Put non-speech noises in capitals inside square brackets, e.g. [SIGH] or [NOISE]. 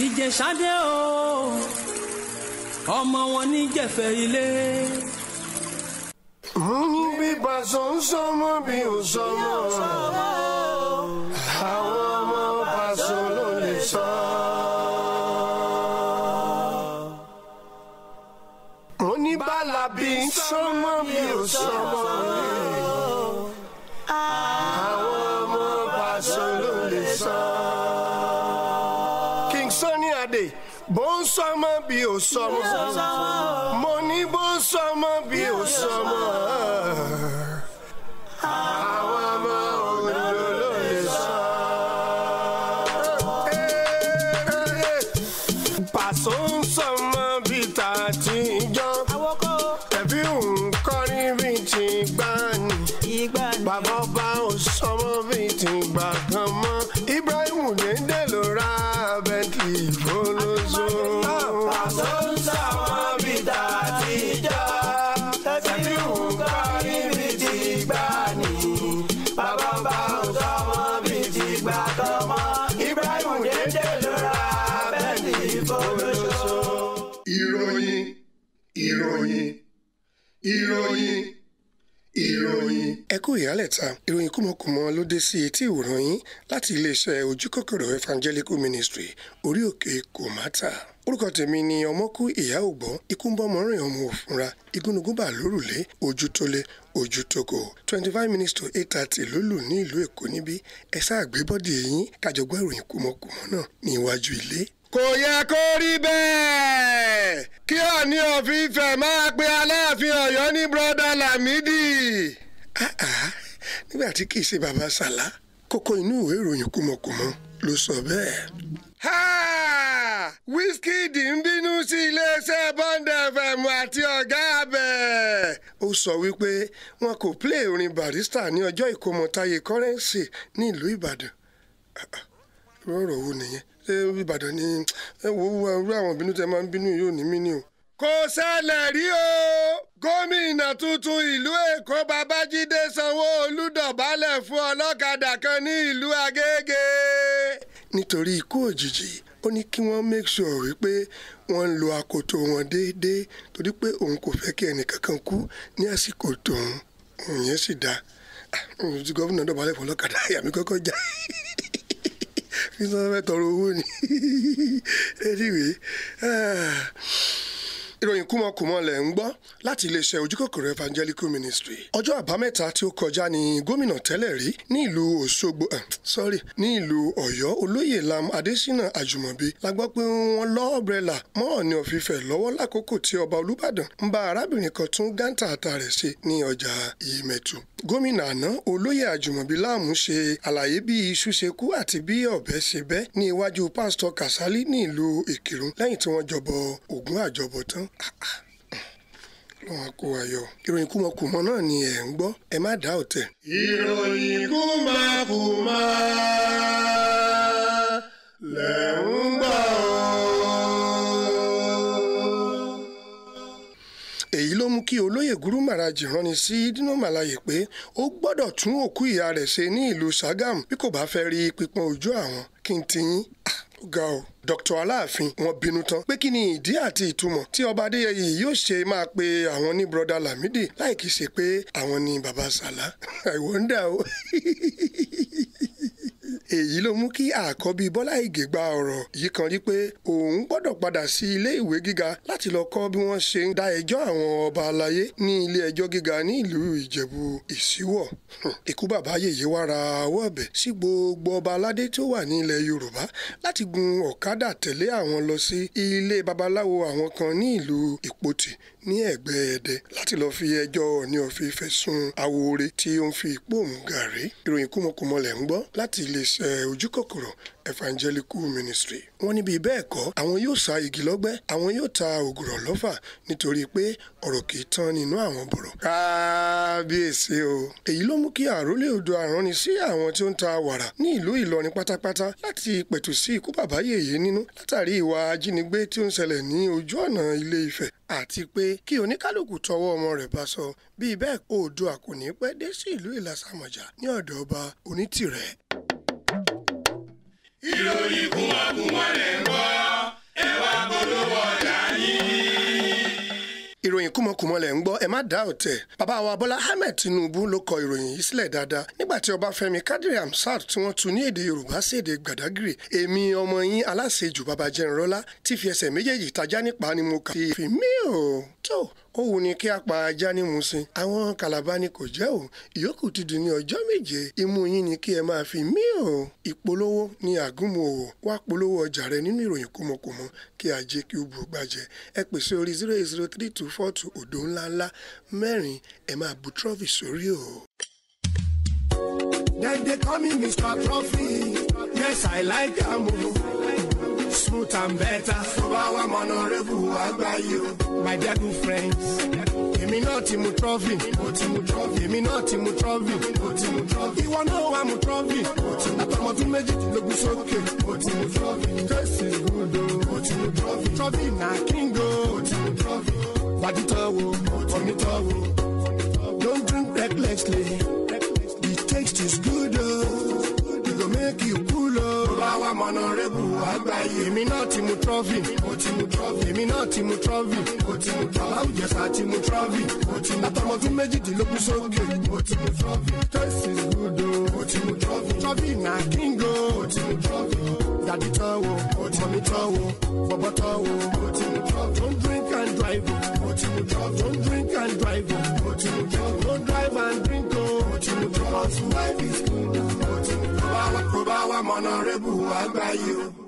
ìjẹ̀ṣadé o ọmọ wọn ní jẹ̀fẹ̀ ilé. mo ní bíbá sọ́nsọ́ mọ́ bí o sọ mọ́ àwọn ọmọ Paso ló lè sọ. mo ní bàlábí sọ́mọ́ bí o sọ mọ́ àwọn ọmọ Paso ló lè sọ. bon ń bí ó sọmọ mo bon bó bí ó sọmọ. ìròyìn ìròyìn. ẹ kú ìyálẹ̀ta ìròyìn kúmọkùmọ ló dé sí etí ìwòran yín láti iléeṣẹ́ ojúkòkòrò evangelical ministry orí òkè kòmátà orúkọ tèmi ni ọmọkú ìyá ògbọ́n ikú ń bọ́mọ rìn ọmọ òfúnra igúnnugún lórùlé ojú tó lé ojú tó kò twenty five minutes to eight thirty ló lù ní ìlú èkó níbí ẹ sáà gbé bọ́dì yín kájọgbọ́ ìròyìn kúmọkùmọ náà ní iwájú ilé kò yẹ kó rí bẹ́ẹ̀ kí Ọọ̀ni of Ifẹ̀ máa pe Aláàfin Ọ̀yọ́ ní brọ́dà Lámídì. Ah, ah. nígbà tí kì í ṣe bàbá Sàlá kókó inú ìwé ìròyìn kùmọ̀kùmọ̀ ló sọ bẹ́ẹ̀. Wizkid ń bínú sí iléeṣẹ́ Bond FM àti ọ̀gá abẹ́. ó sọ wípé wọn kò plé orin Barrister ní ọjọ́ ìkómọ̀tayé Currency nílùú Ìbàdàn. Ah, rọ̀rọ̀ wo nìyẹn ṣé Ìbàdàn ni wúwo àwọn ìbínú tẹ máa ń bínú yóò ní mí ni o. kò ṣẹlẹ̀ rí o gómìnà tuntun ìlú Èkó Babájídé Sanwó-Olú dọ̀bálẹ̀ fún ọlọ́kadà kan ní ìlú Agége. nítorí ikú òjijì ó ní kí wọ́n make sure wípé wọ́n ń lo akoto wọn déédéé torí pé òun kò fẹ́ kí ẹnìkankan kú ní àsìkò tòun òun yẹn sì dáa ah, gọ́vùnà dọ̀bálẹ̀ fún ọlọ́kadà àyàmí kọ́kọ́ já. [LAUGHS] nítorí wọn fẹ́ tọrọ owó ni [LAUGHS] anyway. Ah, ìròyìn kúmọkùmọ lẹ̀ ń gbọ́ láti iléeṣẹ́ ojúkòkòrò evangelical ministry ọjọ́ àbámẹ́ta tí ó kọjá ní gómìnà tẹ́lẹ̀ rí ní ìlú Òṣogbo eh, sorry ní ìlú Ọ̀yọ́ olóyè Lam Adésínà Àjùmọ̀bí la gbọ́ pé wọ́n lọ́ ọ̀brẹ́là mọ́ ọ̀nì ọ̀fìfẹ́ lọ́wọ́ lákòókò tí ọba Olúbàdàn ń bá arábìnrin kan tún gántà ata rẹ̀ ṣe ní ọjà Ìmẹ̀tù gómìnà àná olóyè Àjùmọ̀bí Láàmú ṣe àlàyé bí iṣu ṣe kú àti bí ọ̀bẹ ṣe bẹ́ ní iwájú pásítọ̀ Kàsálí ní ìlú Ìkìrun lẹ́yìn tí wọ́n jọbọ ògún àjọbọ tán lọ́wọ́n kó wa yọ. ìròyìn kùmọ̀kùmọ̀ náà ni ẹ̀ ń gbọ́ ẹ má dá ọ̀tẹ̀. ìròyìn kùmọ̀kùmọ̀ lẹ̀ ń gbọ́. èyí ló mú kí olóyè guru ránni sí dino pé ó gbọ́dọ̀ tún òkú ìyá rẹ̀ ṣe ní ìlú Sàgámù bí kò bá fẹ́ rí pípọ́n ojú àwọn kí n ti yín ga o Dr. Aláàfin wọ́n bínú tán pé kí ni ìdí àti ìtumọ̀ tí ọba Adéyẹyè yóò ṣe máa pe àwọn ní broda Lamidi láì kìí ṣe pé àwọn ní baba Sàlá I [LAUGHS] wonder o. [LAUGHS] èyí ló mú kí àkọ́bí Bọ́lá Ìgè gba ọ̀rọ̀ yìí kan rí pé òun gbọ́dọ̀ padà sí ilé ìwé gíga láti lọ kọ́ bí wọ́n ṣe ń da ẹjọ́ àwọn ọba aláyé ní ilé ẹjọ́ gíga ní ìlú Ìjẹ̀bú Ìsíwọ̀ ikú bàbá yèyé wá ra ọwọ́ ọ̀bẹ sí gbogbo ọba aládé tó wà ní ilẹ̀ Yorùbá láti gun ọ̀kadà tẹ̀lé àwọn lọ sí ilé babaláwo àwọn kan ní ìlú Ìpotì ní ẹ̀gbẹ́ Ẹdẹ láti lọ fi ẹjọ́ Ọọ̀ni ọ̀fìn fẹ̀sùn tí ó ń fi ipò mú gàrí ìròyìn kúmọkùmọ lẹ̀ ń gbọ́ láti iléeṣẹ́ iléeṣẹ́ ojúkòkòrò evangelical ministry wọ́n níbi bẹ́ẹ̀ kọ́ àwọn yóò sa igi lọ́gbẹ́ àwọn yóò ta ògùrọ̀ lọ́fà nítorí pé ọ̀rọ̀ kì í tán nínú àwọn bọ̀rọ̀. kábíyèsí o èyí ló mú kí àrólé odò àránni sí àwọn tí ó ń ta wàrà ní ìlú ìlọrin pátápátá láti pẹ̀tù sí ikú bàbá yèyé nínú látàrí ìwà ajínigbé tí ó ń ṣẹlẹ̀ ní ojú ọ̀nà ilé ifẹ̀ àti pé kí oníkálukú tọwọ́ ọmọ rẹ̀ bá sọ bíi bẹ́ẹ̀ oòdùà kò ní pẹ́ dé sí ìlú ìlàsàmọ̀jà ní ọ̀dọ̀ ọba onítìrẹ ìròyìn kùmọ̀kùmọ̀ lè ń gbọ́ ẹ wá polówó ọjà yín ìròyìn kúmọkùmọ lẹ̀ ń gbọ́ ẹ má dá ọ̀tẹ̀ bàbá wa Bọ́lá Ahmed Tinubu ló kọ ìròyìn yìí sílẹ̀ dáadáa nígbà tí Ọbáfẹ́mi Kádírì Amsat tí wọ́n tu ní èdè Yorùbá sí èdè Gbàdágìrì èmi ọmọ yín aláṣejù bàbá jẹnrọlá tí fi ẹsẹ̀ méjèèjì tajá nípa ni mo kà fi mí o tó ó wù ní kí a pa ajá ní musin àwọn kàlàbá ni kò jẹ́ o ìyókù ti dùn ní ọjọ́ méje imú yín ni kí ẹ máa fi mí o ìpolówó ni àgúnmòwò wá polówó ọjà rẹ nínú ìròyìn kọmọkọmọ kí ajé kí ó bu gbàjẹ ẹ pèsè orí zero eight zero three two four lọ́tún odò ńláńlá mẹ́rin ẹ̀ máa bu trophy sórí o. dem dey call me mr trophy yes i like am o smooth and better. tó bá wà mọ́nà rẹ́bù àgbáyé o. my dear good friends. èmi náà ti mu trọ́fì. mo ti mu trọ́fì. èmi náà ti mu trọ́fì. mo ti mu trọ́fì. ìwọ náà wà mu trọ́fì. mo ti mu trọ́fì. àtọmọdún méjìdínlógún sókè. mo is good o. mo ti mu trọ́fì. trọ́fì na kingo, o. mo ti mu trọ́fì. gbadutọ wo. mo ti mu don't drink recklessly. ọ̀nàrẹ́bù àgbáyé. èmi náà ti mu trọ́fì. mo ti mu trọ́fì. èmi náà ti mu trọ́fì. mo ti mu trọ́fì. aláwọ̀ jẹ̀sà ti mu trọ́fì. mo ti mu trọ́fì. àtọmọ méjìdínlógún sókè. mo ti mu trọ́fì. taste is good o. mo ti mu trọ́fì. trọ́fì na king o. mo ti mu trọ́fì. dàbí tán mo ti mu tán wo. bọ̀bọ̀ mo ti mu trọ́fì. don't drink and drive o. mo ti mu trọ́fì. don't drink and drive o. mo ti mu trọ́fì. I'm honourable àgbáyé o.